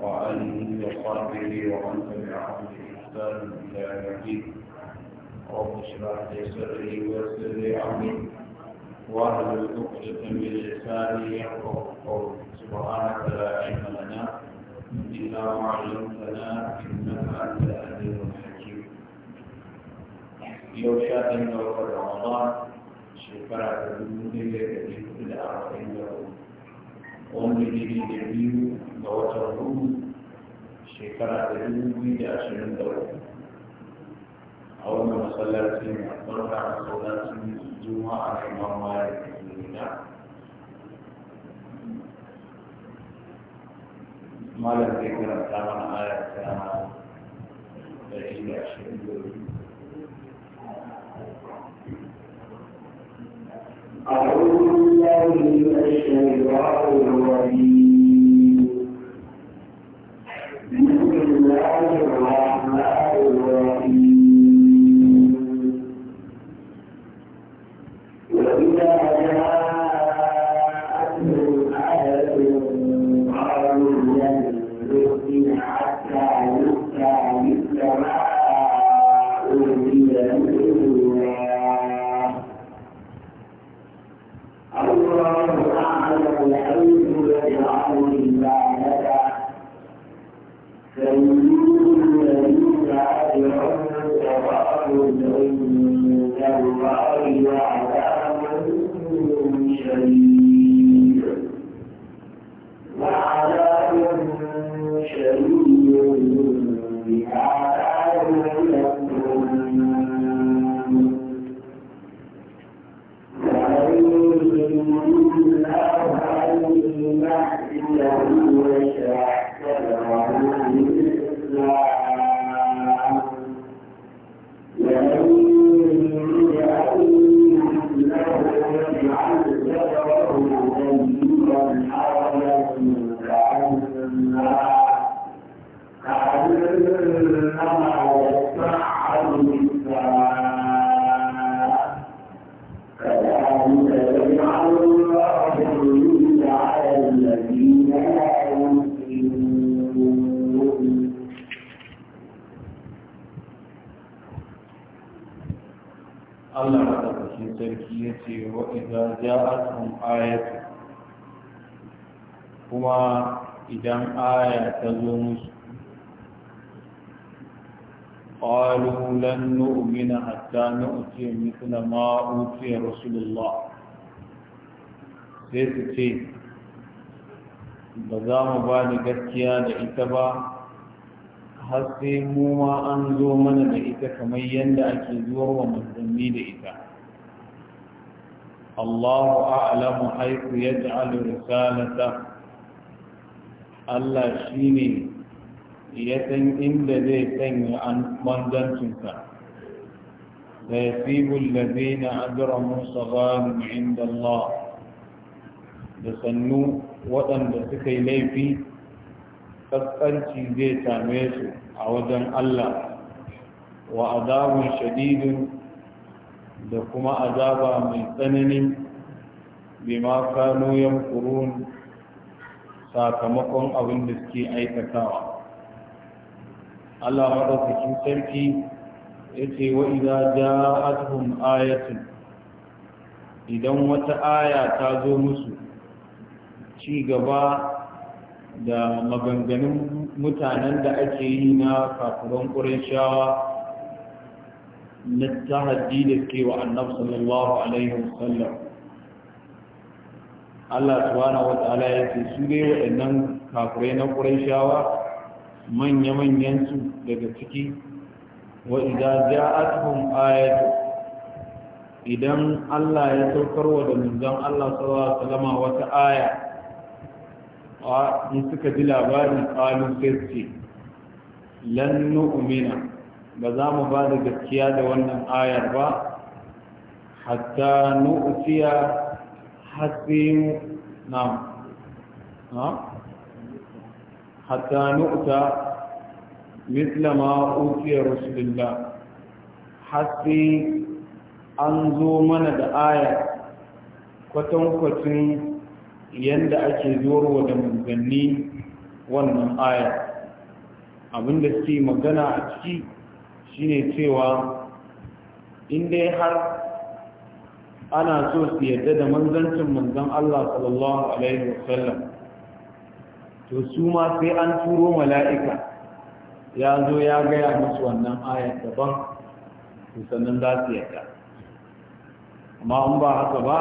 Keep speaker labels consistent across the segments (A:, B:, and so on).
A: وآله وصحبه ومن تبعهم بإحسان إلى يوم رب اشرح لي صدري ويسر لي أمري واحلل عقدة من لساني يفقه قولي سبحانك لا علم لنا إلا ما علمتنا إنك أنت العليم الحكيم يوم شاهدنا رمضان شكرا لله الذي كل أربعين wanda ne da biyu ga watan hudu shekara da dubu biyu da ashirin da uku
B: a wannan masallaci a farka a masallacin juma'a a imam malik da ke nuna malam zai karanta mana aya ta ɗari da ashirin da biyu أعوذ الله الشيطان الرجيم
A: ce ba za mu ba da gaskiya da ita ba har sai mu ma an zo mana da ita kamar yadda ake zuwar wa manzanni da ita Allahu a'lamu haiku da risalata Allah shine ya san inda zai sanya an manzancinsa فيصيب الذين أجرموا صغار عند الله da sannu waɗanda suka yi laifi ƙasƙanci zai same su a wajen Allah wa azabun shadidin da kuma azaba mai tsanani bima kano yankurun sakamakon abin da suke aikatawa Allah maɗaukakin sarki ya ce wa iza ja'atuhum ayatun idan wata aya ta zo musu ci gaba da maganganun mutanen da ake yi na kafuran shawa na tahaddi da ke wa annabi sallallahu alaihi wasallam Allah subhanahu wa ta'ala ya ce su dai waɗannan kafurai na shawa manya-manyan su daga ciki wa idza ja'atuhum ayatu idan Allah ya saukar wa da manzon Allah sallallahu alaihi wasallam wata aya a in suka ji labarin ƙalin sai lan nu'mina ba za mu ba da gaskiya da wannan ayar ba hatta nu'tiya hasim na ha hatta nu'ta mithla ma utiya rasulullah hasi an zo mana da ayar kwatankwacin yanda ake zuwarwa da manzanni wannan aya abinda suke magana a ciki shine cewa in dai har ana so su yadda da manzancin manzan Allah sallallahu alaihi wasallam to su ma sai an turo mala'ika ya zo ya gaya musu wannan ayat daban to sannan za su yadda amma in ba haka ba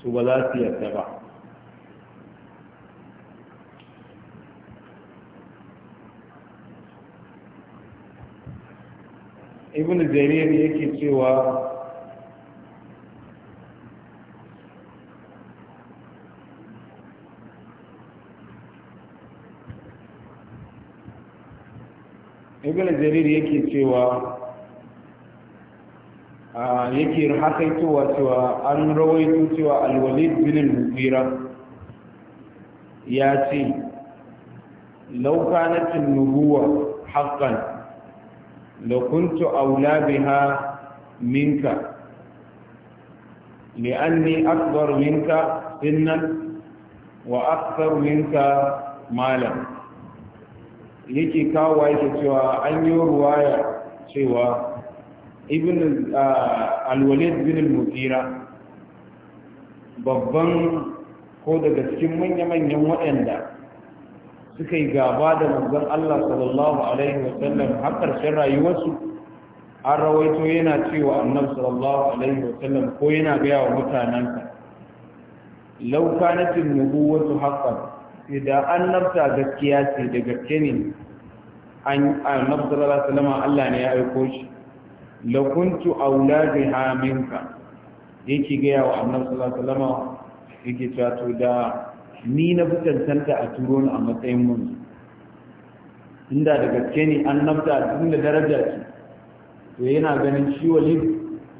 A: to ba za su yadda ba ibn jarir yake cewa ibn jarir yake cewa a yake hakaitowa cewa an rawaito cewa alwalid bin al mugira ya ce laukanatin nubuwa haƙƙan la kuntu aula biha minka لأني أكبر منك سنا وأكثر منك مالا yake kawo yake cewa an yi ruwaya cewa ibn alwalid bin al-mutira babban ko daga cikin manya-manyan waɗanda suka yi gaba da manzon Allah sallallahu alaihi wa sallam har karshen rayuwarsu an rawaito yana cewa annabi sallallahu alaihi wa sallam ko yana gaya wa mutanansa law kanat an-nubuwwatu haqqan idan annabta gaskiya ce da gaske ne an annabi sallallahu alaihi wa sallam Allah ne ya aiko shi law kuntu auladiha minka yake gaya wa annabi sallallahu alaihi wa sallam yake cewa to da ni na fi cancanta a turo ni a matsayin mun inda da gaske ne an nafta tun da daraja ce to yana ganin shi walid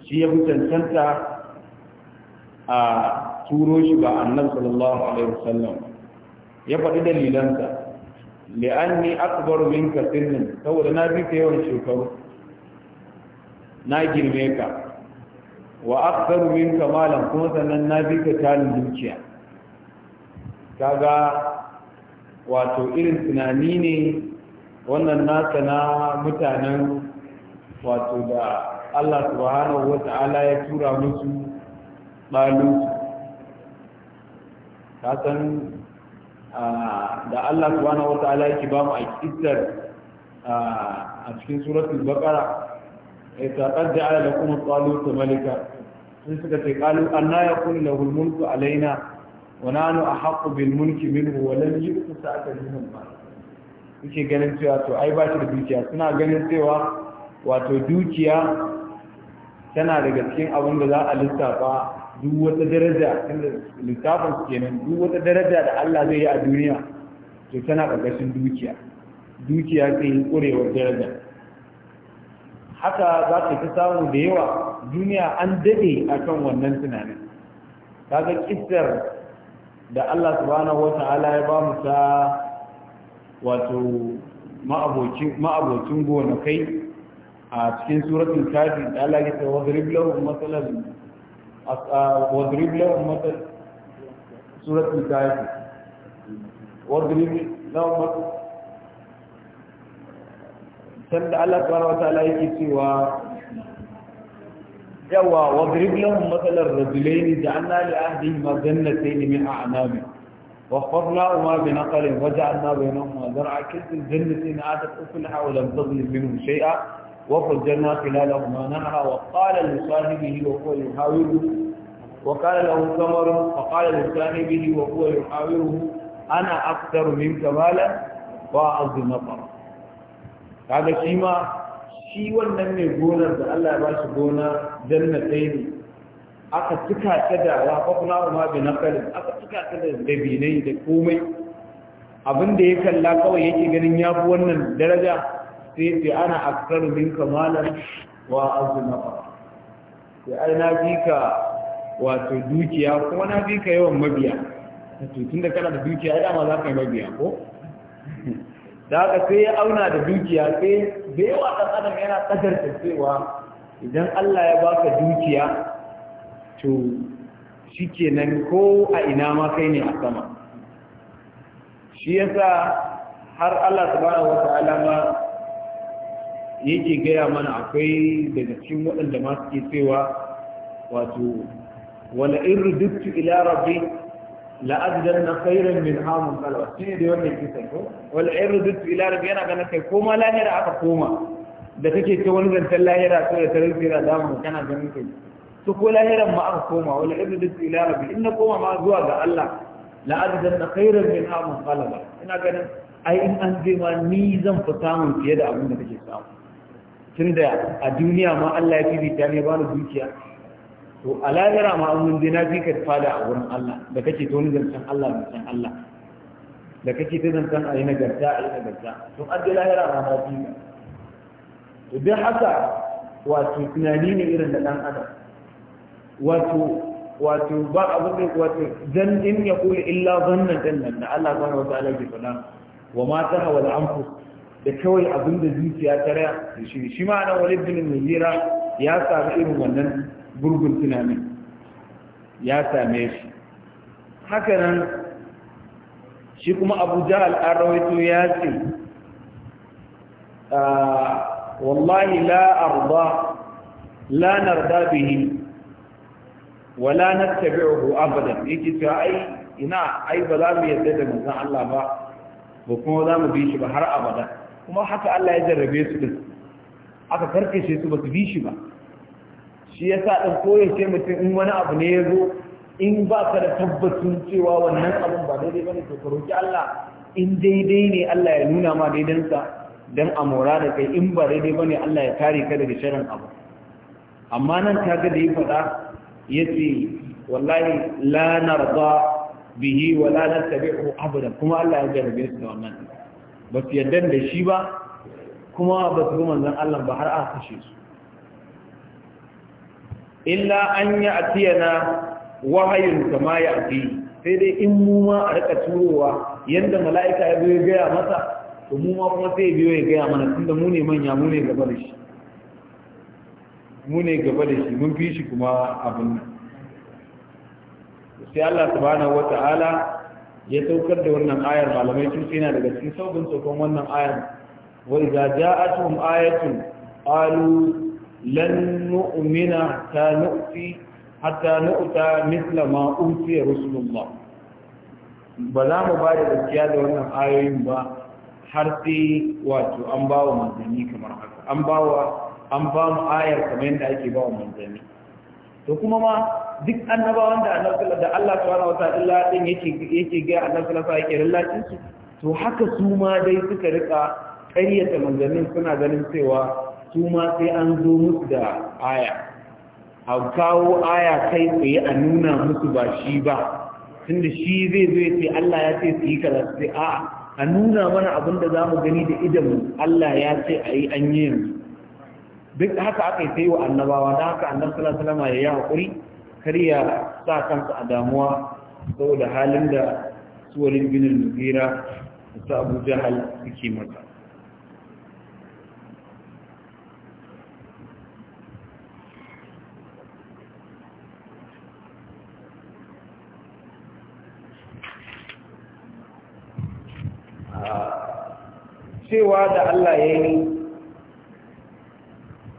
A: shi ya fi cancanta a turo shi ba annabi sallallahu alaihi wasallam ya faɗi dalilansa li'anni akbaru minka sinnan saboda na bi ka yawan shekaru na girme ka wa akbaru minka malam kuma sannan na bi ka talin dukiya kaga wato irin tunani ne wannan nasa na mutanen wato da Allah subhanahu wa ta'ala ya tura musu Ka kasan da Allah subhanahu wa ta'ala ki ba mu a kisar a cikin suratul baqara ya taƙar da ala da kuma tsalu ta malika sun suka ce ƙalu an na ya kuni lahul alaina ونحن أحق بالملك منه ولم يؤت سعة من المال suke ganin cewa to ai ba shi da dukiya suna ganin cewa wato dukiya tana daga cikin abin da za a lissafa duk wata daraja inda lissafin su kenan duk wata daraja da Allah zai yi a duniya to tana ƙarƙashin dukiya dukiya ce yi ƙurewar daraja haka za ka ta samu da yawa duniya an dade akan wannan tunanin kaga kissar da Allah subhanahu ta'ala ya ba mu ta wato ma'abocin gonakai a cikin suratun kafi da Allah ya ce wadrib lahum masalan wadrib lahum masalan suratul kafi wadrib lahum masalan sanda Allah subhanahu ya yake cewa جوا wadrib لهم مثل الرجلين جعلنا لأهلهما جنتين من min a'nabin وخفضناهما بنقل وجعلنا بينهما زرعا كلتا الجنتين آتت أفلها ولم تظلم منهم شيئا وفجرنا خلالهما نهرا وقال لصاحبه وهو يحاوره وقال له ثمر فقال لصاحبه وهو يحاوره أنا أكثر منك مالا وأعز نفرا هذا شيما shi wannan mai gonar da Allah ya ba shi gona jannatai ne aka cika ta da wa kuma ma bi kalin aka cika ta da dabinai da komai abin da ya kalla kawai yake ganin ya fi wannan daraja sai sai ana aksar min kamalan wa azumaka sai ai na bi ka wato dukiya kuma na bi ka yawan mabiya tun da kana da dukiya ai dama za ka yi mabiya ko da haka sai ya auna da dukiya sai da ɗan adam yana ƙadarta cewa idan Allah ya baka dukiya to shi kenan ko a ina ma kai ne a sama shi yasa har Allah subhanahu wata'ala alama yake gaya mana akwai daga cikin waɗanda ma suke cewa wato wala in ruduktu ila rabbi la'ajidan na khairan min hamun kalwa shi ne da wannan kisan ko wal irdu ila rabbi yana ganin kai koma lahira aka koma da kake ce wani zancen lahira ko da tarin sira da mu kana ganin kai to ko lahiran ma aka koma wal irdu ila rabbi in na koma ma zuwa ga Allah la'ajidan na khairan min hamun kalwa ina ganin ai in an je ma ni zan fi samun fiye da abin da kake samu tunda a duniya ma Allah ya fifita ne ba ni dukiya to a lahira ma an mun na fi ka fada a wurin Allah da kake to ni zancen Allah zancen Allah da kake ta zancen a yi nagarta a yi nagarta to an je lahira ma na fi ka to duk haka wato tunani ne irin da dan adam wato wato ba abin da wato zan in ya kula illa zannan dannan da Allah subhanahu wataala ke faɗa wa ma tahawa al-anfus da kawai abin da zuciya ta raya da shi shi ma nan walid bin mujira ya sami irin wannan gurgun tunanin ya same shi hakanan shi kuma abuja jahal an ya ce ah, wallahi la arba la narda bihi wala na nattabi'uhu abadan yake cewa ai ina ai ba za mu yadda da manzon Allah ba ba kuma za mu bi shi ba har abada kuma haka Allah ya jarrabe su din aka karkashe su ba su bi shi ba shi yasa din koyaushe mutum in wani abu ne ya zo in ba ka da tabbacin cewa wannan abun ba daidai ne, to ka roki Allah in daidai ne Allah ya nuna ma daidansa dan amora da kai in ba daidai ne Allah ya kare ka daga sharrin abu amma nan kaga da ya faɗa yace wallahi la narda bihi wa la nattabi'u abada kuma Allah ya jarabe su da wannan ba su yarda da shi ba kuma ba su manzon Allah ba har a kashe su illa an yi a tiyana wahayin kama ya fi sai dai in mu ma a rika turowa yadda mala'ika ya biyo gaya masa to mu ma kuma sai biyo ya gaya mana tunda mu ne manya mu ne gaba da shi mu ne gaba da shi mun fi shi kuma abin nan sai Allah subhanahu wata'ala ya saukar da wannan ayar malamai tun sai na daga cikin saukin saukon wannan ayar wa idza ja'atuhum ayatun qalu Lannu'umina ta nu'ti hatta nu'ta mithla ma utiya rasulullah ba za mu ba da gaskiya da wannan ayoyin ba har sai wato an ba wa manzanni kamar haka an ba wa an ba mu ayar kamar yadda ake ba wa to kuma ma duk annabawan da annabi da Allah subhanahu wataala din yake gaya ga annabi sallallahu alaihi yake lallacin su to haka su ma dai suka rika ƙaryata manzannin suna ganin cewa su ma sai an zo musu da aya a kawo aya kai tsaye a nuna musu ba shi ba tunda shi zai zo ya ce Allah ya ce su yi kaza ce a'a a nuna mana abin da zamu gani da idanmu Allah ya ce a yi an yi yanzu duk haka aka yi sai wa annabawa da haka annabi sallallahu alaihi wasallam ya yi hakuri kar ya sa kansa a damuwa saboda halin da suwalin binin nufira da su abu jahal suke mata cewa da Allah ya yi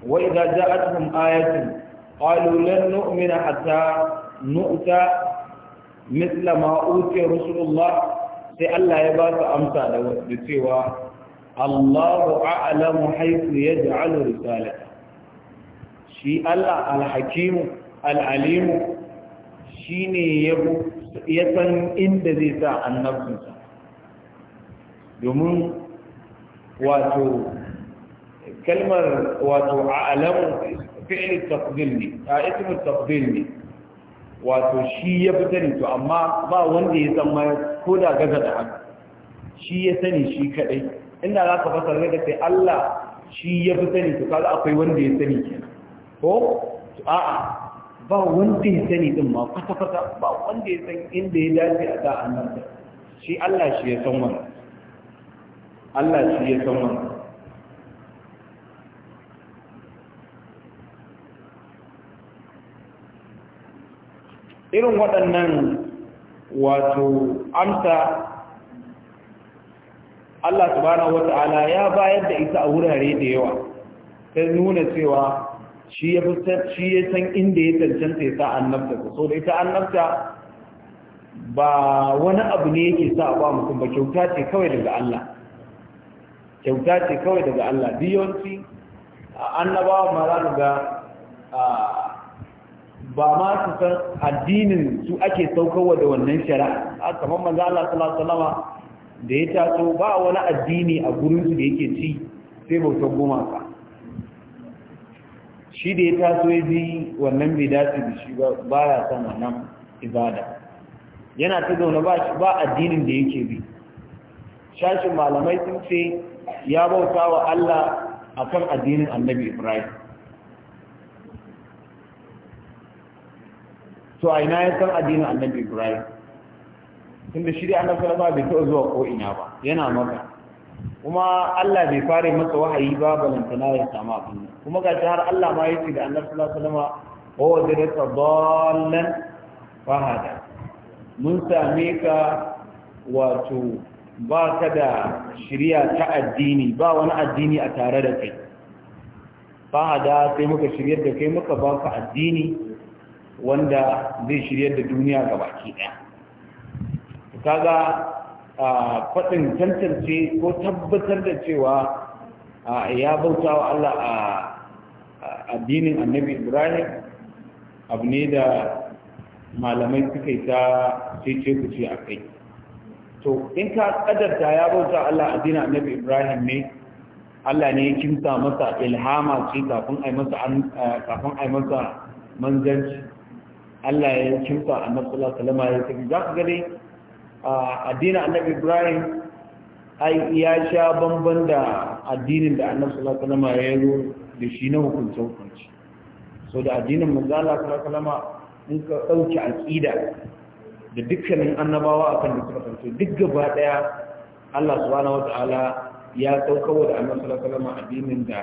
A: wa idza ja'atuhum ayatun qalu lan nu'mina hatta nu'ta mithla ma utiya rasulullah sai Allah ya ba su amsa da wasu cewa Allahu a'lamu haythu yaj'alu risalata shi Allah al-hakimu al-alimu shine ya san inda zai sa annabinsa domin wato kalmar wato a'lamu fi'l taqdil ne a ismu taqdil ne wato shi ya fi sani to amma ba wanda ya san ko da gaza da haka shi ya sani shi kadai inda za ka fasar da sai Allah shi ya fi sani to kaga akwai wanda ya sani kenan ko a'a ba wanda ya sani din ma kwata-kwata ba wanda ya san inda ya dace a da annan shi Allah shi ya san wannan Allah shi ya san wannan irin waɗannan wato amsa Allah subhanahu ta'ala ya bayar da ita a wurare da yawa ta nuna cewa shi ya shi ya san inda ya tantance ya sa annabta so da ita annabta ba wani abu ne yake sa ba mutum ba kyauta ce kawai daga Allah kyauta ce kawai daga Allah biyanci annabawa ma mara ga ba ma su san addinin su ake saukarwa da wannan shari'a a kamar manzo Allah sallallahu alaihi da ya taso ba wani addini a gurin su da yake ci sai bautar gumaka shi da ya taso ya ji wannan bai dace da shi ba ya san wannan ibada yana ta zaune ba addinin da yake bi shashin malamai sun ce ya bauta wa Allah akan addinin annabi Ibrahim to a ina ya san addinin annabi Ibrahim tunda da shirya annabi sallallahu ba wasallam bai zuwa ko ina ba yana maka kuma Allah bai fara masa wahayi ba balantana ya samu abin nan kuma ga har Allah ma yake da annabi ta alaihi wasallam da wajadaka dallan fahada mun same ka wato ba ka da shirya ta addini ba wani addini a tare da kai ba da sai muka shiryar da kai muka ba ka addini wanda zai shirya da duniya ga baki ɗaya ga faɗin tantance ko tabbatar da cewa ya bauta wa Allah a addinin annabi ibrahim abu ne da malamai suka yi ta cece ku ce a kai to in ka kadarta ya bauta Allah addinin annabi Ibrahim ne Allah ne ya kinta masa ilhama ce kafin ai masa kafin ai masa manzanci Allah ya kinta annabi sallallahu alaihi wasallam ya tafi za ka gani addinin annabi Ibrahim ai ya sha bamban da addinin da annabi sallallahu alaihi wasallam ya yi, da shi na hukunta hukunci so da addinin manzo Allah sallallahu alaihi wasallam in ka dauki aqida da dukkanin annabawa akan da suka duk gaba ɗaya Allah subhanahu ta'ala ya wa da annabi sallallahu alaihi wasallam addinin da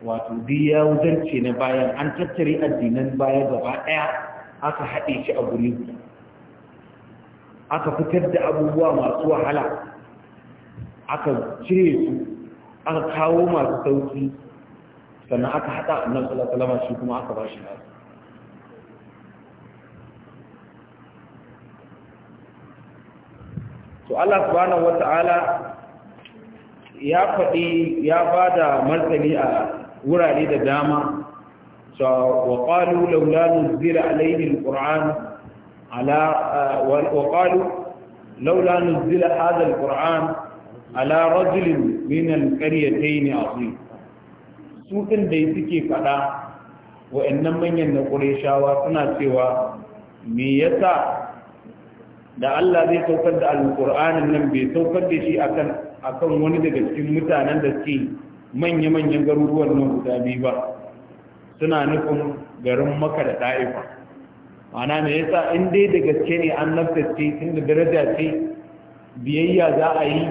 A: wato biya wuzance na bayan an tattari addinan baya gaba daya aka haɗe shi a guri guda aka fitar da abubuwa masu wahala aka cire su aka kawo masu sauki sannan aka haɗa annabi sallallahu alaihi wasallam shi kuma aka ba shi nasu to Allah subhanahu wata'ala ya faɗi ya bada martani a wurare da dama so wa qalu laula nuzila alayhi alquran ala wa qalu laula nuzila hadha alquran ala rajulin min alqaryatayn azim su din dai suke faɗa wa'annan manyan na qurayshawa suna cewa me yasa da Allah zai saukar da alƙur'anin nan bai saukar da shi akan akan wani daga cikin mutanen da suke manya-manyan garuruwan nan guda biyu ba suna nufin garin maka da ta'ifa. ana me yasa in dai da gaske ne an nafsace tun da daraja ce biyayya za a yi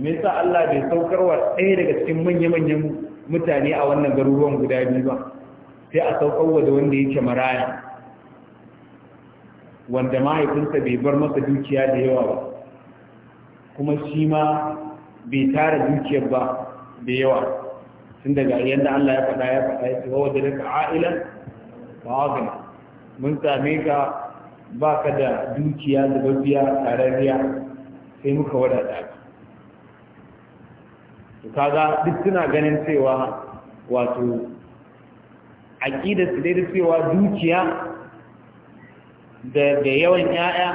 A: me yasa Allah bai saukar wa ɗaya daga cikin manya-manyan mutane a wannan garuruwan guda biyu ba sai a saukar wa da wanda yake maraya wanda mahaifinsa bai bar masa dukiya da yawa ba kuma shi ma bai tara dukiyar ba da yawa tun daga yadda Allah ya faɗa ya faɗa ya ce wa wadda daga a'ilan ba wagana mun same ka ba ka da dukiya da babbiya tarariya sai muka wadata ka to kaga duk suna ganin cewa wato aƙidar su dai da cewa dukiya da yawan ‘ya'ya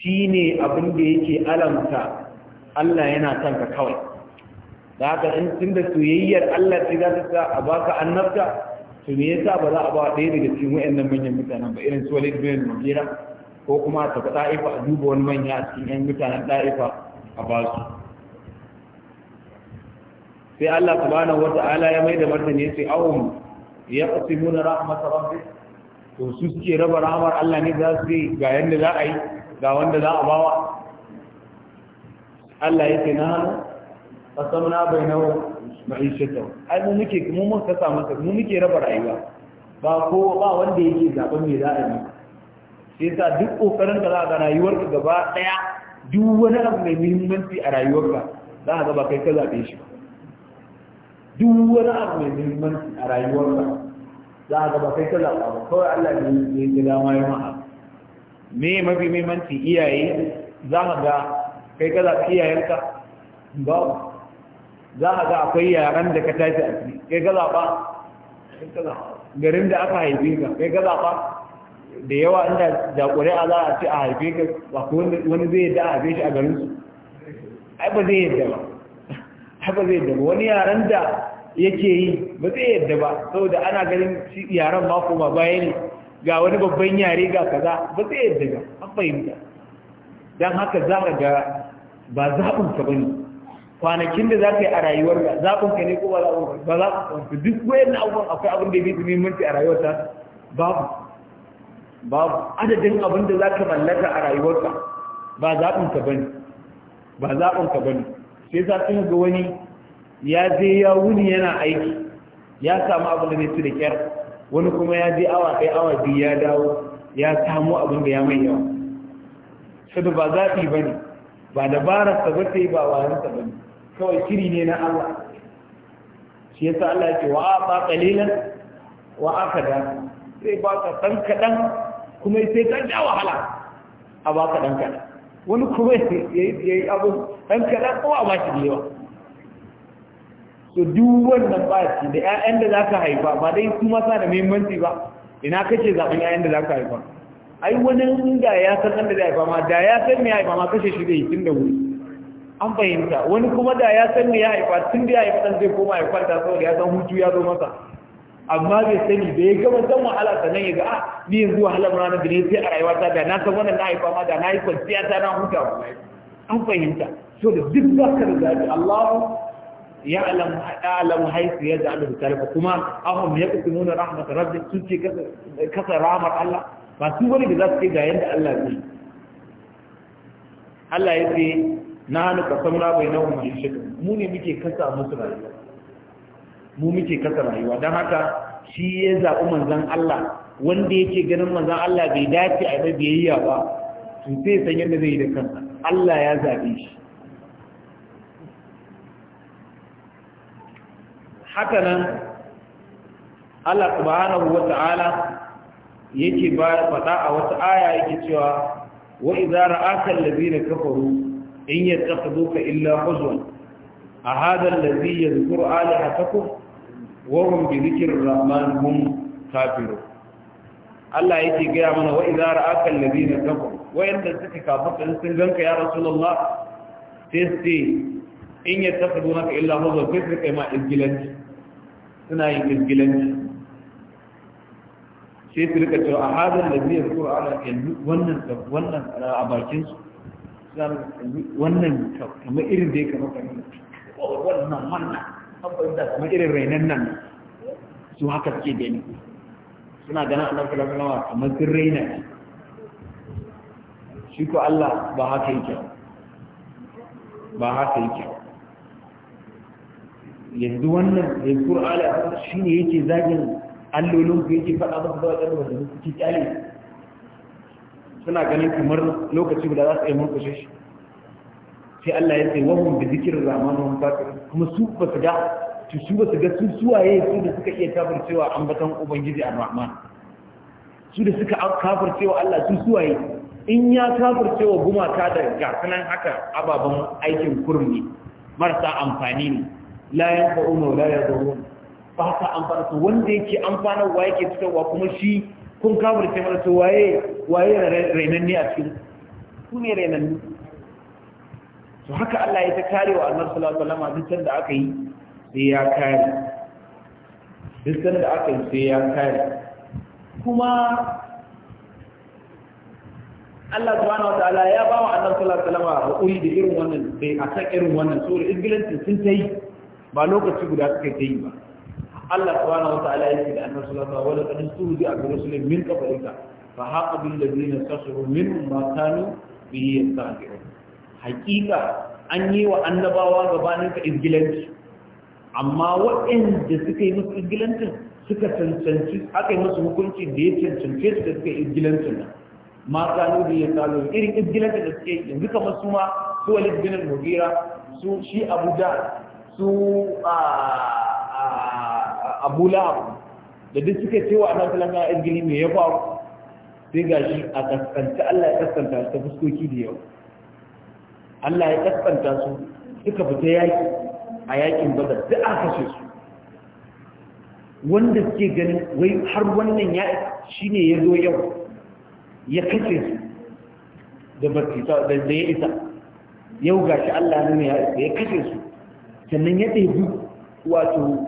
A: shi ne abin da yake alamta Allah yana son kawai da haka in tun da soyayyar Allah ce za ta sa a baka annabta to me yasa ba za a ba ɗaya daga cikin wayannan manyan mutanen ba irin su Walid bin mujira ko kuma ta ta'ifa a duba wani manya a cikin yan mutanen ta'ifa a ba su sai Allah subhanahu wata'ala ya mai da martani ya ce awum yaqsimuna rahmat rabbik to su suke raba rahamar Allah ne za su yi ga yadda za a yi ga wanda za a bawa Allah yake na hannu kasamna bai nawa ma'aishata ai mu muke mu mun kasa masa mu muke raba rayuwa ba ko ba wanda yake zaɓen mai za a yi sai sa duk ƙoƙarin da za ga ka gaba daya duk wani abu mai muhimmanci a ka za a ga ba kai ka zaɓe shi ba duk wani abu mai muhimmanci a ka za a gaba kai zaɓa ba kawai Allah ne ya ji dama ya maha me mafi muhimmanci iyaye za ka ga kai ka zaɓi iyayenka ba za ka ga akwai yaran da ka tashi a ciki kai ka zaɓa garin da aka haife ka kai ka zaɓa da yawa inda da ƙuri'a za a ce a haife ka ba wani zai yadda a haife shi a garin su ai ba zai yadda ba ai ba zai yadda ba wani yaran da yake yi ba zai yadda ba saboda ana ganin yaran ma koma baya ne ga wani babban yare ga kaza ba zai yadda ba an fahimta don haka za ka ga ba zaɓin ka ba ne kwanakin da za ka yi a rayuwar ka zaɓinka ne ko ba ka ba zaɓinka duk wayan abubuwan akwai abin da ya fi muhimmanci a rayuwar ta babu babu adadin abin da za ka mallaka a rayuwarka ba zaɓin ka ba ne ba zaɓin ka ba ne sai za ka ga wani ya je ya wuni yana aiki ya samu abin da zai ci da kyar wani kuma ya je awa ɗaya awa biyu ya dawo ya samu abin da ya mai yawa sadu ba zaɓi ba ne ba dabarar ta ba wayansa ba ne kawai shiri ne na Allah shi yasa Allah ya ce wa aqa kalilan wa da sai ba ka dan kaɗan kuma sai ka ja wahala a ba ka ɗan kaɗan wani kuma yi abu ɗan kaɗan ko a ba shi da yawa so duk wannan ba shi da ƴaƴan da zaka haifa ba dai kuma sa da muhimmanci ba ina kace zaben ƴaƴan da zaka haifa ai wani inda ya san da zai haifa ma da ya san me ya haifa ma kashe shi zai tun da wuri an fahimta wani kuma da ya san me ya haifa tun da ya haifa dan zai koma ya kwanta saboda ya san hutu ya zo masa amma bai sani da ya gama san wahala sannan ya ga a ah, ni yanzu wahala ranar da ne sai a rayuwata da na san wannan na haifa ma da na yi kwanciya ta na huta wallahi an fahimta so da duk za ka riga Allahu ya'lamu ta'lamu haythu yaj'alu talaba kuma ahum yaqsimuna rahmat rabbik sun ce kasa rahmar Allah ba su wani da za su ce ga yanda Allah zai Allah ya ce na hannu ka samura bai nawa mai shiga mu ne muke kasa musu rayuwa mu muke kasa rayuwa don haka shi ya zaɓi manzan Allah wanda yake ganin manzan Allah bai dace a yi biyayya ba to sai san yadda zai yi da kansa Allah ya zaɓe shi haka nan Allah subhanahu wa ta'ala yake ba faɗa a wata aya yake cewa wa idza ra'aka da kafaru in yattakhidhuka illa huzwan a hadha ya yadhkuru alihatakum wa hum bi dhikri rahman hum kafirun Allah yake gaya mana wa idza ra'aka allazina kafaru wa yanda suka kafa sun ganka ya rasulullah sai sai in yattakhidunaka illa huzwan kai kai ma izgilanci suna yin gilgilanci sai su rika cewa a hadar da zai zuwa ala yanzu wannan wannan a bakin su wannan kamar irin da ya kama kama, oh, wannan wannan abin da kamar irin rainan nan su haka suke gani suna ganin annabi sallallahu alaihi kamar sun raina shi ko Allah ba haka yake ba haka yake yanzu wannan yanzu ala shi ne yake zagin allolin ku yake faɗa masu da wajen wanda su ci kyale suna ganin kamar lokaci da za su yi murkushe shi sai Allah ya sai wahun da zikir rahman wa fakir kuma su ba su ga to su ba su ga su suwaye su da suka iya an batan ubangiji ar-rahman su da suka cewa Allah su suwaye in ya cewa gumaka da gasanan haka ababen aikin kurmi marasa amfani ne la yanfa'u wa ya yadurun ba ta amfana su wanda yake amfana wa yake fitarwa kuma shi kun kafirce mara su waye waye rainanne a cikin su ne rainanne to haka Allah ya ta kare wa annabi sallallahu alaihi wasallam dukkan da aka yi sai ya kare dukkan da aka yi sai ya kare kuma Allah subhanahu wa ta'ala ya ba wa annabi salatu alaihi wasallam hakuri da irin wannan a san irin wannan so da sun ta yi ba lokaci guda suka ta yi ba Allah subhanahu wataala yake da annabi sallallahu alaihi wasallam wala qad suhudi a rasulin min qablika fa haqa bil ladina sakhru min ma kanu bihi yastahzi'un hakika an yi wa annabawa gabanin ka izgilanci amma waɗanda suka yi musu izgilancin suka cancanci aka yi musu hukunci da ya cancance su da suka yi izgilancin nan ma kanu bihi yastahzi'un irin izgilancin da suke yanzu kamar su ma su walid bin al-mughira su shi abu da su abu la'am da duk suka ce wa annabi sallallahu alaihi wasallam me ya faru sai gashi a kaskanta Allah ya kaskanta su ta fuskoki da yau Allah ya kaskanta su suka fita yaki a yakin badar duk aka kashe su wanda suke ganin wai har wannan ya shine ya zo yau ya kashe su da barkita da ya isa yau gashi Allah ya ya kashe su sannan ya ɗebi wato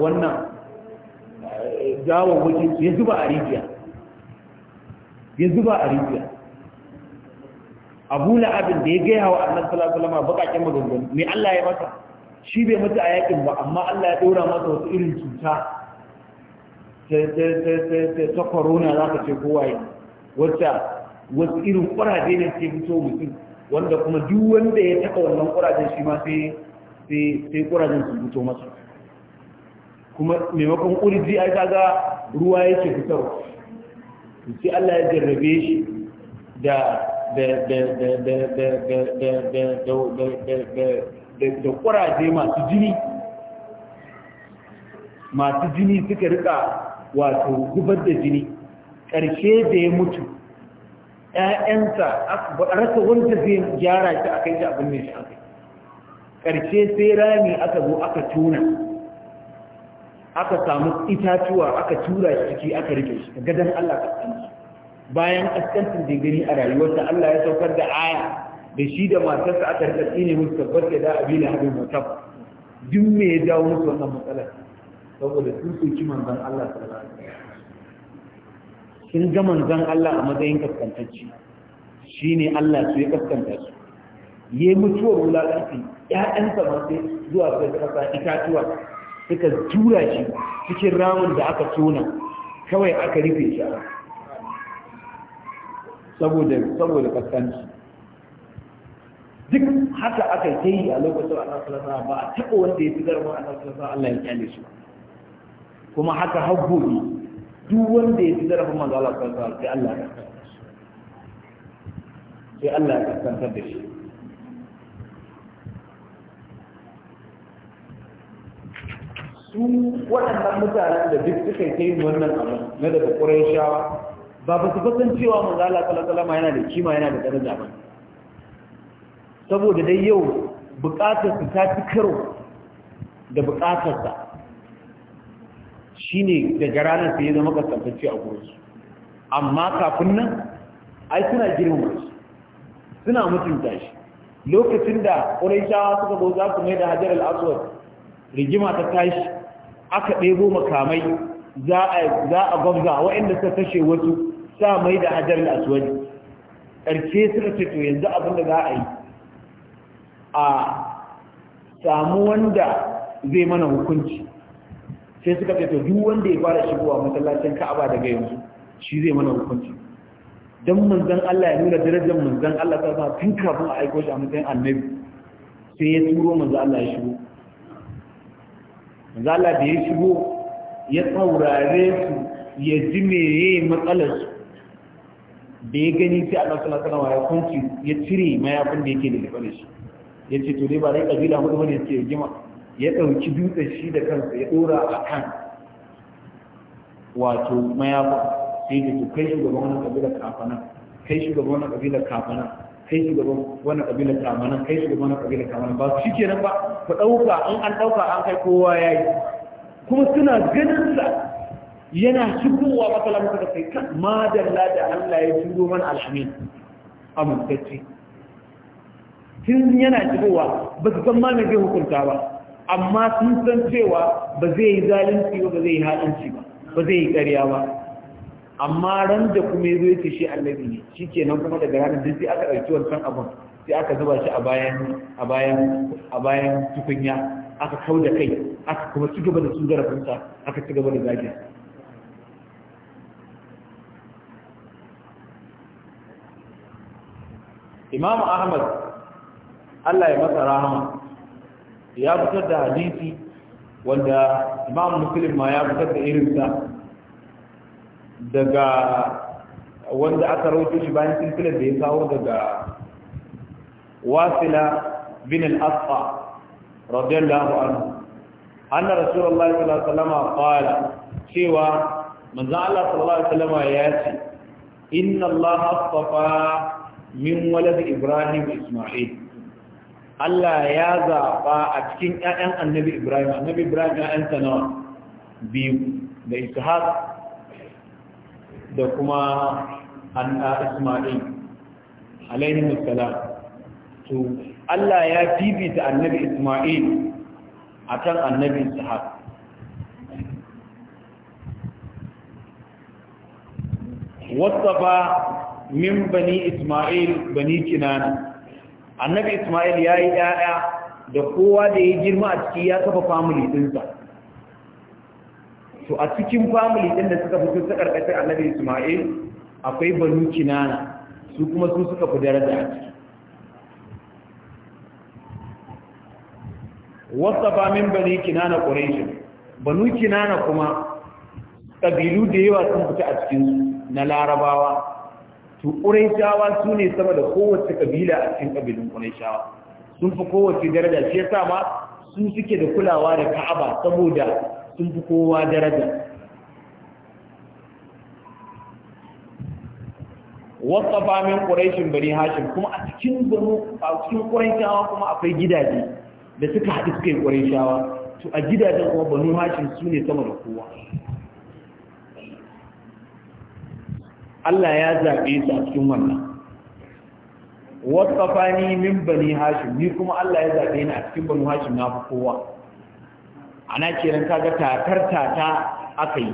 A: wannan gawon wajen ya zuba a rijiya ya zuba a rijiya abu la'abin da ya gaya wa annan salasalama bakakin maganganu mai Allah ya masa shi bai mutu a yakin ba amma Allah ya ɗora masa wasu irin cuta ta corona za ka ce kowa yi wacce wasu irin ƙwararre ne ce fito mutum wanda kuma duk wanda ya taka wannan ƙurajen shi ma sai ƙurajen su fito masa kuma maimakon ƙurji ai kaga ruwa yake fitarwa sai Allah ya jarrabe shi da da ƙuraje masu jini masu jini suka rika wato gubar da jini ƙarshe da ya mutu a rasa wanda zai gyara shi a kai shi abin mai shi a kai ƙarshe sai rami aka zo aka tuna aka samu itatuwa aka tura shi ciki aka rike shi ga gadon Allah kaskanci bayan kaskancin da gani a rayuwarsa Allah ya saukar da aya da shi da matarsa aka rika tsine musu tabbata da abin habin mutab duk me ya jawo musu wannan matsalar saboda sun soki manzon Allah sallallahu alaihi wasallam sun ga manzan Allah a matsayin kaskantacci shi ne Allah su ya kaskanta su ya mutuwar wulaƙarfi ‘ya'yansa masu zuwa sai ƙasa itatuwa suka tura shi cikin ramin da aka tona kawai aka rufe shi a saboda saboda kaskanci duk haka aka ta yi a lokacin Allah sallallahu ba a taɓa wanda ya fi garba a sallallahu Allah ya kyale shi kuma haka haggobi duk wanda ya fi zarafin manzo Allah sallallahu Allah ya sai Allah ya kaskantar da shi su waɗannan mutanen da duk suka yi yin wannan abu na daga shawa, ba ba su fasan cewa manzo Allah sallallahu alaihi yana da kima yana da daraja ba saboda dai yau bukatar su ta fi karo da sa Shi ne daga ranar sai ya zama kasantacce a gurinsu amma kafin nan ai suna girma wasu, suna mutunta shi lokacin da shawa suka zo za su mai da hajar al'asuwar rigima ta tashi aka ɗebo makamai za a gwamza waɗanda suka kashe wasu sa mai da hajar al'asuwar ƙarshe suka ce to yanzu abin da za a yi a samu wanda zai mana hukunci sai suka ce to duk wanda ya fara shigowa masallacin Ka'aba daga yanzu shi zai mana hukunci dan manzon Allah ya nuna darajar manzon Allah ta sa tun kafin a aiko shi a matsayin annabi sai ya turo manzon Allah ya shigo manzon Allah da ya shigo ya saurare su ya ji meye matsalar su da ya gani sai Allah sallallahu alaihi wasallam ya kunci ya cire mayafin da yake da gaban shi yace to dai ba dai kabila hudu ya yake rigima ya ɗauki dutse shi da kansa ya ɗora a kan wato mayafa sai da kai shugaban wani ƙabilar kafana kai shugaban wani ƙabilar kafana kai shugaban wani ƙabilar kafana kai shugaban wani ƙabilar kafana ba shi kenan ba ku ɗauka in an ɗauka an kai kowa ya yi kuma suna ganin sa yana shigowa matsalar muka kai kan madalla da Allah ya shigo mana alhamin amintacce tun yana shigowa ba su san ma me zai hukunta ba amma sun san cewa ba zai yi zalunci ba ba zai yi haɗinci ba ba zai yi ƙarya ba amma ran da kuma ya ce shi annabi ne shi ke nan kuma daga ranar da sai aka ɗauki wancan abin sai aka zuba shi a bayan a bayan a bayan tukunya aka kau da kai aka kuma ci gaba da su zarafinsa aka ci gaba da zagin Imam Ahmad Allah ya masa rahama ya fitar da hadisi wanda imam muslim ma ya fitar da irinsa daga wanda aka rauto shi bayan silsilar da ya kawo daga wasila bin al-asfa radiyallahu anhu anna rasulullahi sallallahu alaihi wasallam qala cewa manzo Allah sallallahu alaihi wasallam ya ce inna Allah astafa min walad ibrahim isma'il Allah ya zaɓa a cikin ‘ya'yan annabi Ibrahim, annabi Ibrahim ‘ya'yansa na biyu da Ishaq da kuma Ismail, alaihi musalam. To, Allah ya fifita annabi Ismail a kan annabi Ishaq. Wasu ba min bani Ismail bani Kinana. annabi ismail ya yi ɗaya da kowa da ya girma a ciki ya kafa family ɗinsa to a cikin family ɗin da suka fito ta ƙarƙashin annabi ismail akwai banu kinana su kuma su suka fi daraja a ciki wasa ba min bani kinana ƙorashin banu kinana kuma ƙabilu da yawa sun fita a cikinsu na larabawa to ƙuraishawa su ne sama da kowace ƙabila a cikin ƙabilun ƙuraishawa sun fi kowace daraja shi yasa ma su suke da kulawa da ka'aba saboda sun fi kowa daraja wasafa min ƙuraishin bari hashim kuma a cikin banu a cikin ƙuraishawa kuma akwai gidaje da suka haɗu suka yi ƙuraishawa to a gidajen kuma banu hashim su ne sama da kowa Allah ya zaɓe su a cikin wannan Wasu wasafani min bani hashim ni kuma Allah ya zaɓe ni a cikin bani hashim na fi kowa ana kiran kaga tatar tata aka yi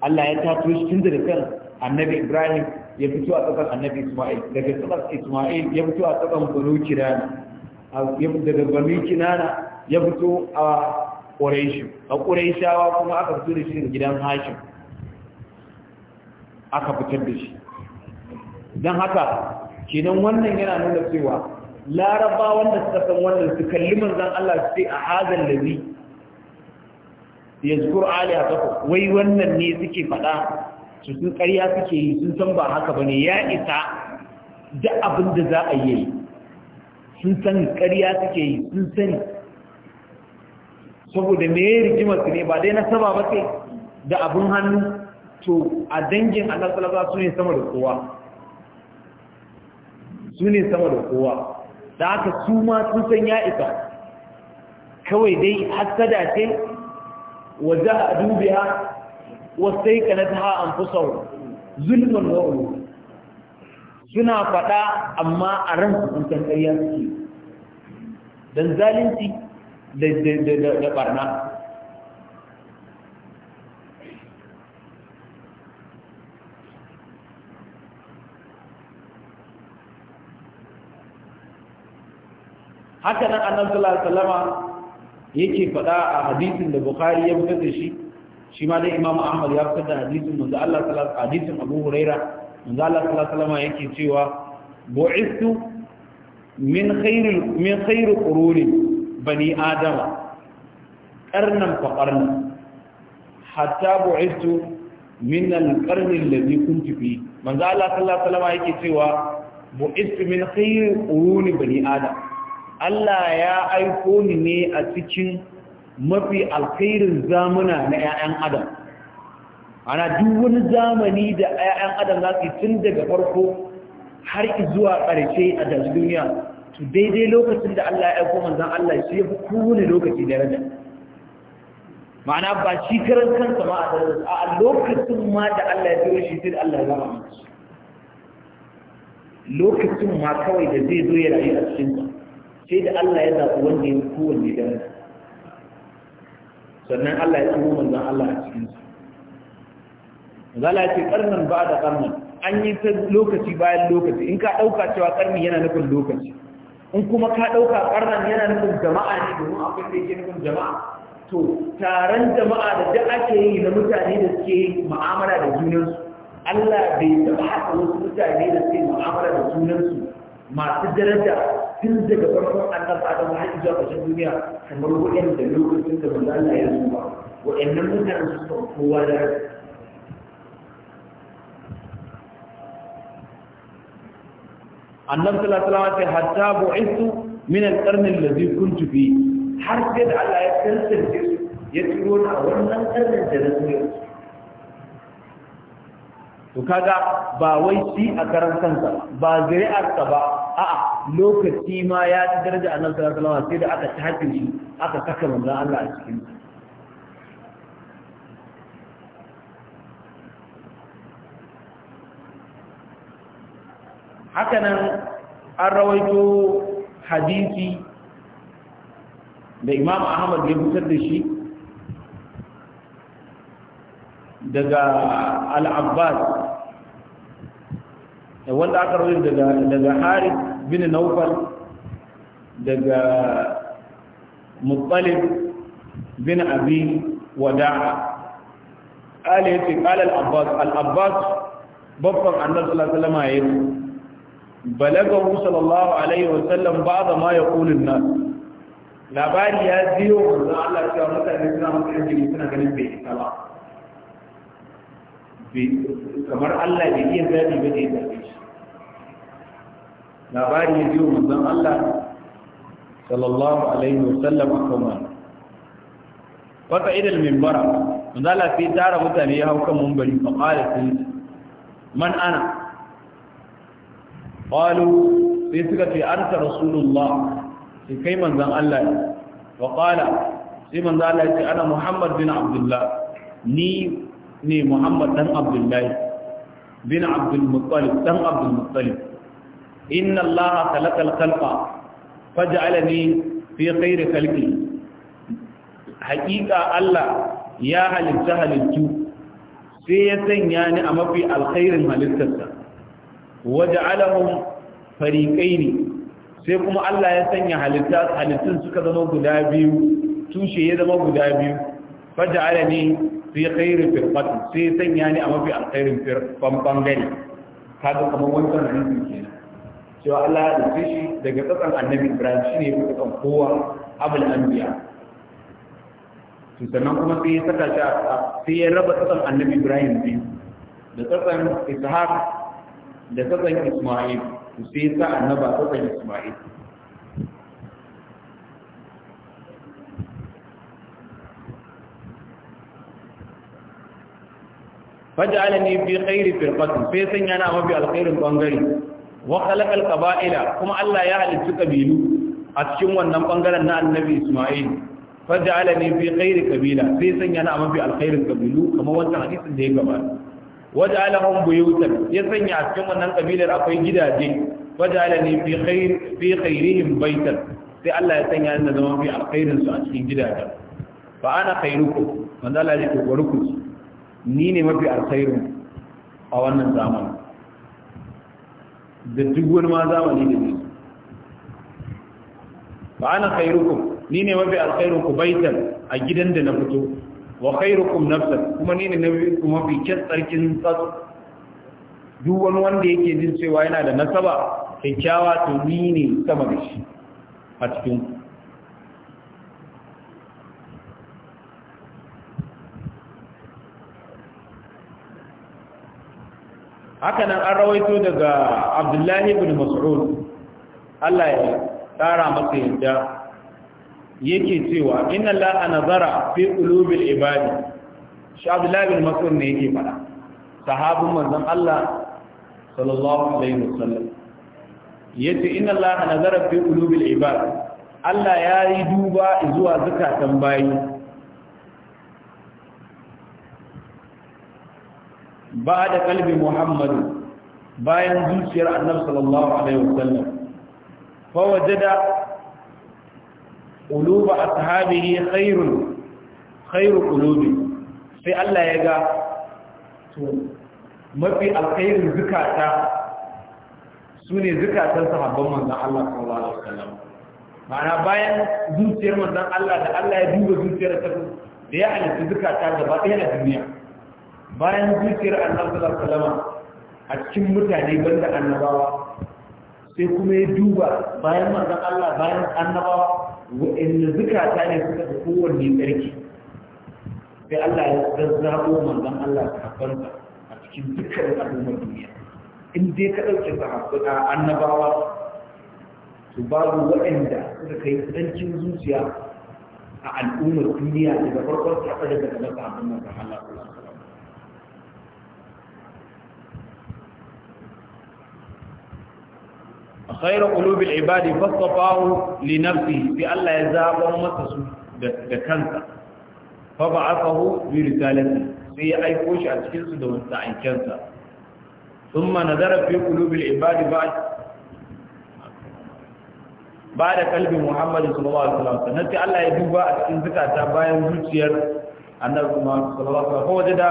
A: Allah ya tato shi tun daga kan annabi Ibrahim ya fito a tsakan annabi Ismail daga tsakar Ismail ya fito a tsakan bani Kinana daga bani Kinana ya fito a Quraish a Quraishawa kuma aka fito da shi daga gidan Hashim aka fitar da shi don haka kenan wannan yana nuna cewa laraba wanda suka san wannan su kalli manzan Allah su ce a hazan lazi ya zukur haka wai wannan ne suke faɗa su sun ƙarya suke yi sun san ba haka ba ne ya isa da abin da za a yi sun san ƙarya suke yi sun sani saboda me rigimar ne ba dai na saba ba sai da abin hannu to a dangin Allah sallallahu su ne sama da kowa su ne sama da kowa da aka su ma sun san ya isa kawai dai hasada ce wa za a dubiya sai kana ta ha an fi sau zulmin wa'ulu suna faɗa amma a su sun san ƙarya suke don zalunci da barna haka nan annabi sallallahu alaihi wasallama yake faɗa a hadisin da bukhari ya fitar da shi shi ma dai imamu ahmad ya fitar da hadisin manzo Allah sallallahu alaihi hadisin abu huraira manzo Allah sallallahu alaihi wasallam yake cewa bu'istu min khairil min khairu quruni bani adam qarnan fa qarnan hatta bu'istu min al-qarni alladhi kunti fi manzo Allah sallallahu alaihi wasallam yake cewa bu'istu min khairu quruni bani adam Allah ya aiko ni ne a cikin mafi alkhairin zamuna na 'ya'yan adam ana duk wani zamani da 'ya'yan adam za su tun daga farko har zuwa ƙarshe a daji duniya to daidai lokacin da Allah ya aiko manzan Allah shi ya fi kowane lokaci da rada ma'ana ba shi karan kansa ma a darajar a lokacin ma da Allah ya biyo shi sai da Allah ya zama lokacin ma kawai da zai zo ya rayu a cikin sai da Allah ya zaɓi wanda ya kowanne daraja sannan Allah ya tsoro manzon Allah a cikin su zala ce karnan ba da karnan an yi ta lokaci bayan lokaci in ka ɗauka cewa karni yana nufin lokaci in kuma ka ɗauka karnan yana nufin jama'a ne domin akwai da yake nufin jama'a to taron jama'a da duk ake yi na mutane da suke mu'amala da junansu Allah bai taɓa haka wasu mutane da suke mu'amala da junansu masu daraja tun daga farkon annabi Adamu har zuwa ƙarshen duniya kamar waɗanda lokacin da manzo Allah ya zuwa waɗannan mutane su san kowa da annabi sallallahu alaihi wasallam ya hatta bu'ithu min al-qarn alladhi kuntu fi har sai da Allah ya tantance su ya turo a wannan karnin da na zuwa to kaga ba wai shi a karan kansa ba ka ba a'a lokaci ma ya ci daraja annabi sallallahu alaihi wasallam sai da aka tafi shi aka saka manzon Allah a cikin haka nan an rawaito hadisi da imam ahmad ya fitar da shi daga al-abbas wanda aka rawi أن daga Harith bin Nawfal daga Muttalib bin Abi Wada'a قالت في قال العباس العباس بابا عند الله صلى الله عليه وسلم عيب بلغه صلى الله عليه وسلم بعض ما يقول الناس لا بال يا ديو والله على شو متى نسمع من تجي نسمع كن بيت الله بي كمر الله labari ya biyo manzon Allah sallallahu alaihi wasallam akan wannan wata idal minbara manzon Allah sai tara mutane ya hau kan munbari fa qala man ana qalu sai suka ce anta rasulullah sai kai manzon Allah ne wa qala sai manzon Allah ya ce ana muhammad bin abdullah ni ne muhammad dan abdullahi bin abdul muttalib dan abdul muttalib inna allaha khalaqal khalqa faj'alani fi khayri khalqi haqiqa allah ya halitta halittu sai ya sanya ni a mafi alkhairin halittarsa waj'alahum fariqaini sai kuma allah ya sanya halitta halittun suka zama guda biyu tushe ya zama guda biyu faj'alani fi khayri firqati sai sanya ni a mafi alkhairin firqan bangare kaga kamar wancan hadisi kenan cewa Allah ya dace shi daga tsatsan annabi Ibrahim shi ne ya fi tsatsan kowa abul anbiya to sannan kuma sai ya saka shi sai ya raba tsatsan annabi Ibrahim biyu da tsatsan Ishaq da tsatsan Isma'il to sai ya sa annaba tsatsan Isma'il faj'alani fi khairi firqatin sai sanya na mafi alkhairin bangare wa khalaqal qaba'ila kuma Allah ya halicci kabilu a cikin wannan bangaren na annabi Isma'il faj'alani fi khairi kabila sai sanya na mafi alkhairin kabilu kamar wannan hadisin da ya gabata waj'alahum buyutan ya sanya a cikin wannan kabilar akwai gidaje waj'alani fi khair fi khairihim baitan sai Allah ya sanya ni zama fi alkhairin su a cikin gidajen fa ana khairukum manzo Allah ya ce ku ni ne mafi alkhairin a wannan zamanin da duk wani ma zamani da zai Ba ana khairukum ni ne mafi ku baitan a gidan da na fito wa khairukum nafsan kuma ni ne na kuma mafi kyan tsarkin tsatsu duk wani wanda yake jin cewa yana da nasaba kyakkyawa to ni ne sama da shi a cikin haka nan an rawaito daga abdullahi bin mas'ud Allah ya tsara masa yadda yake cewa inna la nazara fi qulubil ibadi shi abdullahi bin mas'ud ne yake fada sahabin manzon Allah sallallahu alaihi wasallam yace inna la nazara fi qulubil ibadi Allah ya yi duba zuwa zakatan bayi ba da kalbi muhammadu bayan zuciyar annabi sallallahu alaihi wasallam fa wajada quluba ashabihi khairun khairu qulubi sai Allah ya ga to mafi alkhairin zukata sune zukatan sahabban manzon Allah sallallahu alaihi wasallam Mana bayan zuciyar manzon Allah da Allah ya duba zuciyar ta da ya halitta zukata gaba ɗaya a duniya bayan zuciyar annabi sallallahu alaihi wasallam a cikin mutane banda annabawa sai kuma ya duba bayan manzon Allah bayan annabawa wa'anda zukata ne suka fi kowanne tsarki sai Allah ya zazzabo manzon Allah sahabbansa a cikin dukkan al'ummar duniya in dai ka ɗauke sahabbai annabawa su babu waɗanda suka kai tsarkin zuciya a al'ummar duniya daga farkon
B: tafiya daga kamar sahabban manzon Allah
A: khairu kulubin ibadi fastafahu li nafsihi Allah ya zaba masa su da kansa fa ba'athahu bi risalati sai ya aiko shi a cikin su da wata aikensa thumma nadara fi qulubil ibadi ba da kalbin muhammadin sallallahu Allah ya duba a cikin bayan zuciyar annabi muhammad sallallahu alaihi wasallam ko da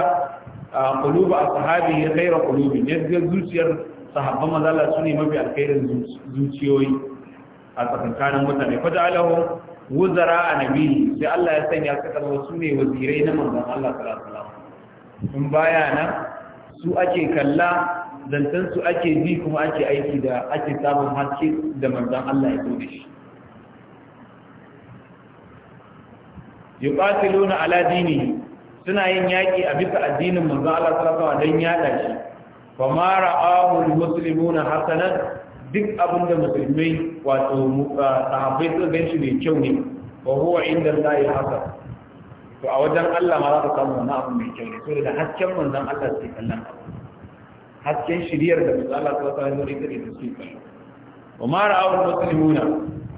A: quluba ashabi qulubi ga zuciyar sahabban mazala su ne mafi alkhairin zuciyoyi a tsakankanin mutane faja alahu wuzara a nabi sai Allah ya sanya su kalma su ne wazirai na manzan Allah sallallahu alaihi wasallam in baya na, su ake kalla zantan su ake ji kuma ake aiki da ake samun haske da manzan Allah ya zo da shi yuqatiluna ala dinihi suna yin yaki a bisa addinin manzan Allah sallallahu alaihi wasallam dan yada shi fa ma ra'ahu almuslimuna hasanan duk abinda musulmai wato sahabbai suka ganshi mai kyau ne ko huwa inda yi haka to a wajen Allah ma za ka samu wannan abu mai kyau ne da hasken manzon Allah sai kallon hasken shiriyar da manzon Allah sallallahu alaihi wasallam ya da su kallon wa ma ra'ahu almuslimuna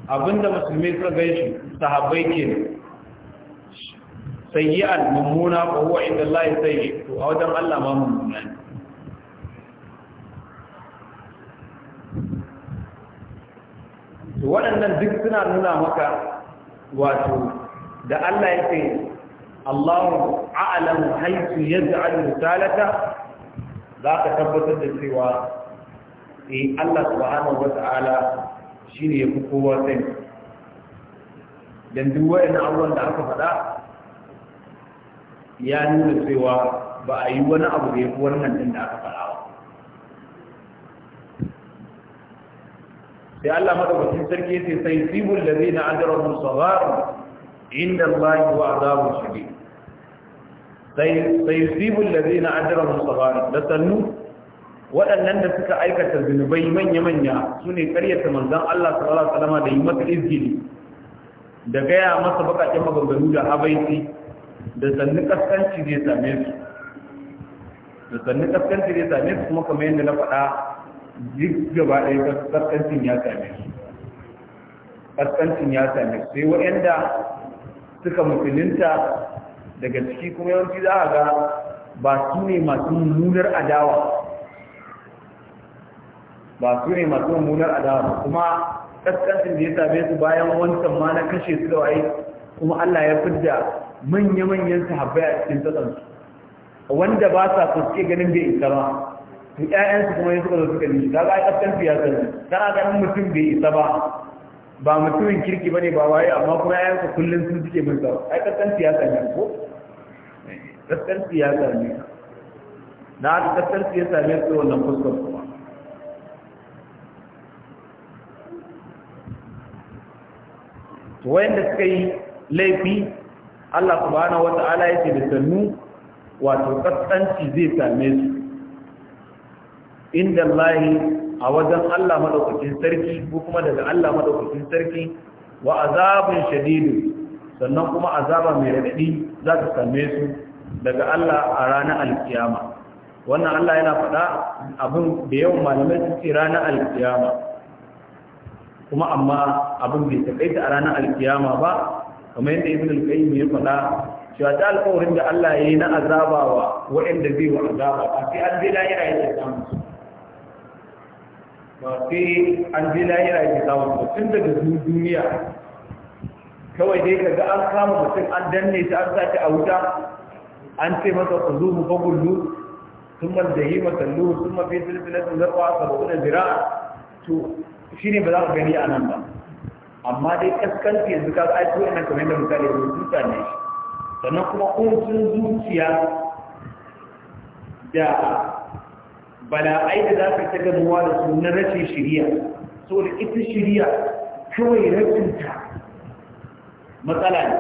A: abinda musulmai suka ganshi sahabbai ke sayyi'an mummuna ko huwa inda Allah sayyi to a wajen Allah ma mummuna ne to waɗannan duk suna nuna maka wato da Allah ya ce Allahu a'lamu haythu yaj'al risalata za ka tabbatar da cewa eh Allah subhanahu wata'ala shine ya fi kowa sani dan duk waɗannan abubuwan da aka faɗa ya nuna cewa ba a yi wani abu da ya fi wannan din da aka faɗa sai Allah madaukakin sarki yace sai sibul ladina ajrahu saghar inda Allah wa azabu shadid sai sai sibul ladina ajrahu saghar da sannu waɗannan da suka aikata zunubai manya-manya su ne karyata manzan Allah sallallahu alaihi wasallam da yi masa izini, da gaya masa bakakin maganganu da habaiti da sannu kaskanci zai same su da sannu kaskanci zai same su kuma kamar yadda na faɗa duk gaba ɗaya ƙasƙancin ya same su ƙasƙancin ya same su sai wa'anda suka musulunta daga ciki kuma yawanci za a ga ba su ne masu mummunar adawa ba su ne masu mummunar adawa kuma ƙasƙancin da ya same su bayan wancan ma na kashe su da kuma Allah ya fidda manya-manyan sahabbai a cikin tsatsansu wanda ba sa fuske ganin bai isa ba to ƴaƴansu kuma yin suka zo suka nishi kaga ai kaskanci ya sani kana ganin mutum bai isa ba ba mutumin kirki ne ba waye amma kuma ƴaƴansu kullum sun suke mun sau ai ƙasar ya ne ko ƙasar ya ne na haka ƙasar ya ne su wannan fuskar kuma to wanda suka yi laifi Allah subhanahu wata'ala yake da sannu wato kaskanci zai same su inda Allahi a wajen Allah madaukakin sarki ko kuma daga Allah madaukakin sarki wa azabun shadidu sannan kuma azaba mai radadi za ta same su daga Allah a ranar alkiyama wannan Allah yana faɗa abin da yawan malamai suke ranar alkiyama kuma amma abin bai taƙaita a ranar alkiyama ba kamar yadda ibn al-qayyim ya faɗa cewa ta alƙawarin da Allah ya yi na azaba wa waɗanda zai wa azaba a sai an zai lahira ya samu ba sai an je lahira yake samun mutum daga duniya kawai dai kaga an kama mutum an danne ta an sace a wuta an ce masa mu fa kullu thumma jahima sallu thumma fi silsilatin zarwa da zira. to shine ba za ka gani a nan ba amma dai kaskanci yanzu ka ai to ina kamar da misali da tuta ne sannan kuma kun sun zuciya da bala'ai da za ka ta gamuwa da su na rashin shirya da ita shirya kawai ta matsala ne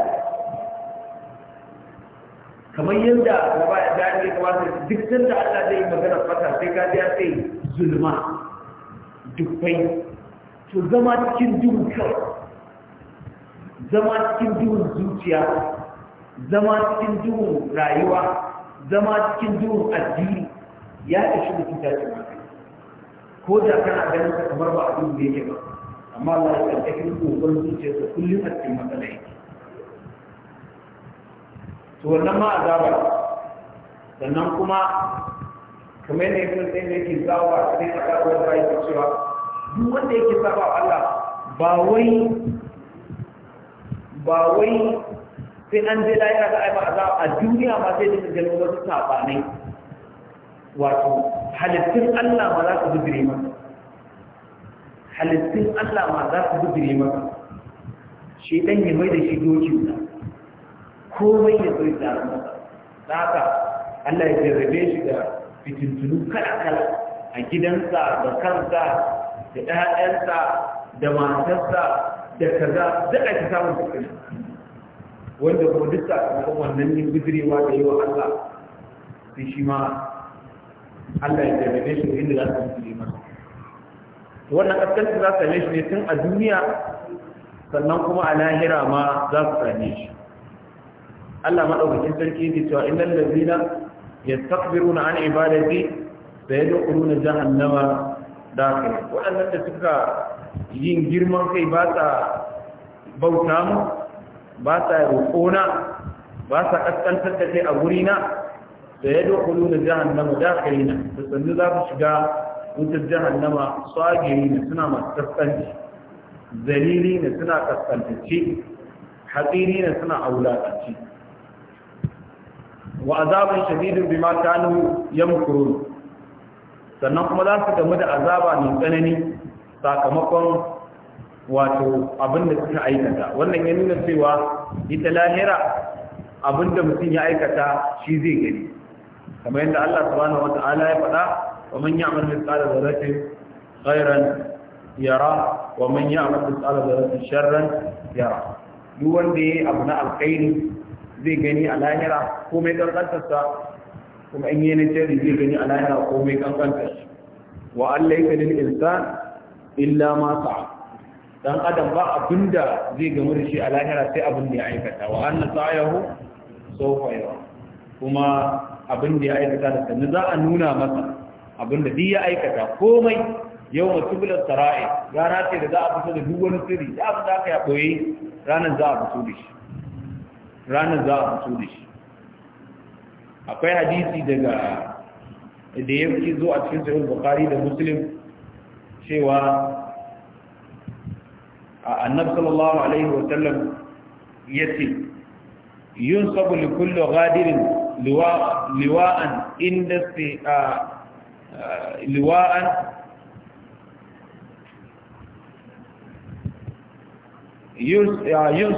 A: kamar yadda gaba ya zaɗi ya kamata duk sanda Allah zai yi magana fata sai ka ya sai zulma bai. to zama cikin duhun kawai zama cikin duhun zuciya zama cikin duhun rayuwa zama cikin duhun addini ya ishi mutum ta ce ko da kana ganin ka kamar ba abin da yake ba amma Allah ya karɓe kin kokarin zuciyarsa kullum a cikin matsala yake to wannan ma azaba sannan kuma kamar yadda yake sai ne yake zawa a cikin azabawar bayi da cewa duk wanda yake saba Allah ba wai ba wai sai an je lahira da ai ba azaba a duniya ma sai da ganin wasu sabanai wato halittun Allah ma za su bidire maka halittun Allah ma za su bidire maka shi dan
B: ya mai da shi dokin sa
A: komai ya zo da masa haka Allah ya jarrabe shi da fitintunu kala kala a gidansa da kansa da ɗayansa da matarsa da kaza da ake samun fitina wanda ko duk wannan yin bidirewa da yi wa Allah shi ma Allah ya taimake shi inda za su yi masa wannan kaskanci za su shi ne tun a duniya sannan kuma a lahira ma za su same shi Allah madaukakin sarki ne cewa ya ladina yastakbiruna an ibadati sayadkhuluna jahannama dakhil waɗannan da suka yin girman kai ba sa bauta mu ba sa roƙona ba sa ƙasƙantar da kai a gurina da ya dokulu da jahannama na da sannu za su shiga wutar jahannama ne suna masu kaskanci ne suna hatsiri ne suna aulatacce wa azabin shadidin bi ma ya mukuru sannan kuma za su gamu da azaba mai tsanani sakamakon wato abin da suka aikata wannan ya nuna cewa ita lahira abin da mutum ya aikata shi zai gani kamar yadda Allah subhanahu wata'ala ya faɗa wa man ya'mal mithqala dharratin khairan yara wa man ya'mal mithqala dharratin sharran yara duk wanda yayi abu na alkhairi zai gani a lahira ko mai kankantarsa kuma in yi na jari zai gani a lahira ko mai kankantarsa wa Allah ya kalin insan illa ma sa'a dan adam ba abinda zai gamu da shi a lahira sai abin da ya aikata wa anna sa'ayahu sawfa yara kuma abin da ya aikata da sannu za a nuna masa abin da ya aikata komai yau mutu bilar sara'i rana ce da za a fito da duk wani sirri da abin da aka ya koyi ranar za a fito da shi ranar za a fito da shi akwai hadisi daga da ya fi zo a cikin sahih bukhari da muslim cewa a annabi sallallahu alaihi wa sallam yace sabu li kullu uh, uh, uh, ghadirin liwa'an inda liwa'an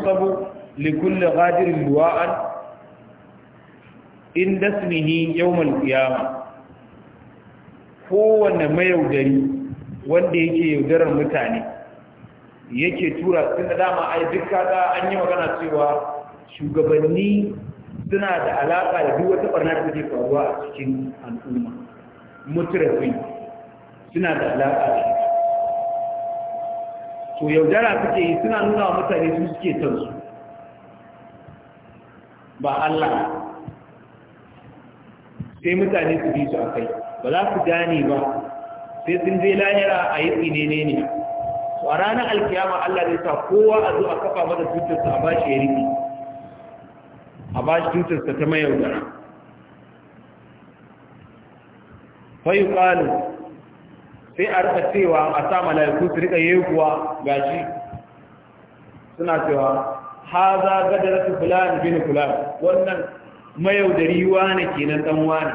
A: sabu li kullu ghadirin liwa'an inda ismihi yawmal qiyama kowanne mayaudari wanda yake yaudarar mutane yake tura sun da dama ai duk kaga an yi magana cewa shugabanni suna da alaƙa da duk wata ɓarna da take faruwa a cikin al'umma mutrafi suna da alaƙa da shi to yaudara suke yi suna nuna wa mutane su suke tan su ba Allah sai mutane su bi su a kai ba za su gane ba sai sun je lahira a yi tsinene ne a ranar alkiyama Allah zai sa kowa a zo a kafa masa cutarsa a bashi ya rufe a ba shi tutarsa ta mayaudara fayu ƙalu sai a rika cewa a sa mala'iku su rika yi kuwa gashi suna cewa ha za rasu kula da bin kula wannan mayaudari wane nan dan wane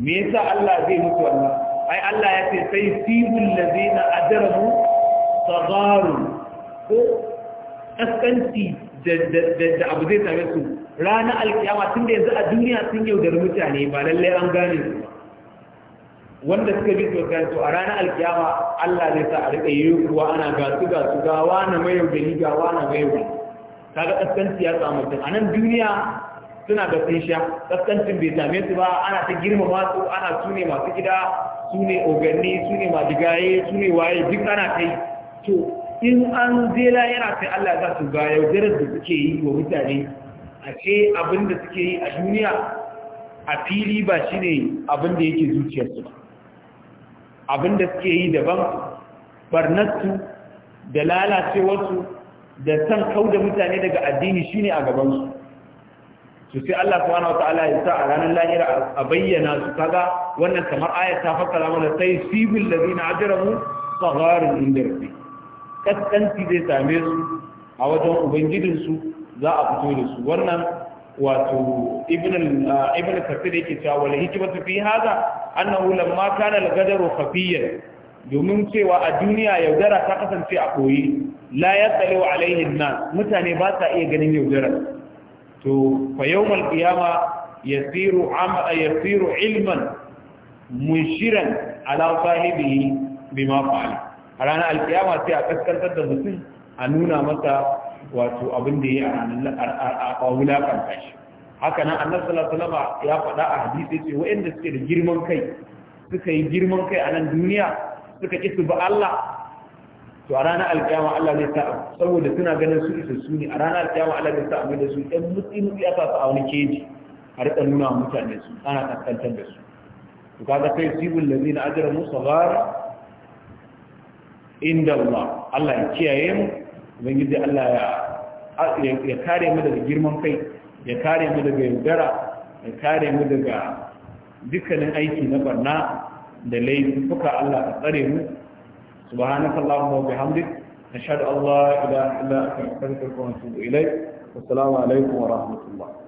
A: me yasa Allah zai mutu wannan ai Allah ya ce sai sibul ladina ajramu tagaru ko askanti da abu zai same su Rana alkiyama tun da yanzu a duniya sun yaudari mutane ba lallai an gane su ba wanda suka bi tsokan to a ranar alkiyama Allah zai sa a rika yi kuwa ana gasu su ga wani mai yaudari ga wani mai ta kaga kaskanci ya samu mutum a nan duniya suna da sun sha kaskancin bai same su ba ana ta girmama su ana su ne masu gida su ne oganni su ne madigaye su ne waye duk ana kai to in an je yana sai Allah za su ga yaudarar da suke yi wa mutane a ce abin da suke yi a duniya a fili ba shi ne abin da yake zuciyarsu ba abin da suke yi daban barnatsu da lalacewarsu da san kau da mutane daga addini shi ne a gabansu su sai Allah subhanahu wata'ala ya sa a ranar lahira a bayyana su kaga wannan kamar ayyata, ta fassara mana sai sibil zina, ajramu sagharun inda kaskanci zai same su a wajen ubangijinsu za a fito da su wannan wato ibn uh, ibn kafir yake cewa wal hikmatu fi hadha annahu lamma kana al-gadaru khafiyan domin cewa a duniya yaudara ta kasance a koyi la yasalu alaihi nas mutane ba sa iya ganin yaudara to fa yawmal qiyama yasiru amma yasiru ilman munshiran ala sahibihi bima fa'ala a ranar alkiyama sai a kaskantar da mutum a nuna masa wato abin da ya yi a wulaƙanta shi haka nan annabi sallallahu ya faɗa a hadisai ce waɗanda suke da girman kai suka yi girman kai a nan duniya suka ƙi su ba Allah to a ranar alkiyama Allah zai sa saboda suna ganin su isa su ne a ranar alkiyama Allah zai sa amai da su ɗan mutsi mutsi a sa su a wani keji a riƙa nuna mutane su ana kaskantar da su to kaga sai sibul lazina ajra musabara inda Allah Allah ya kiyaye mu ubangiji Allah ya ya kare mu daga girman kai ya kare mu daga yaudara ya kare mu daga dukkanin aiki na barna da laifuka Allah ka tsare mu subhanaka allahumma wa bihamdik nashhadu
B: an la ilaha illa anta astaghfiruka wa atubu ilaik assalamu alaikum wa rahmatullah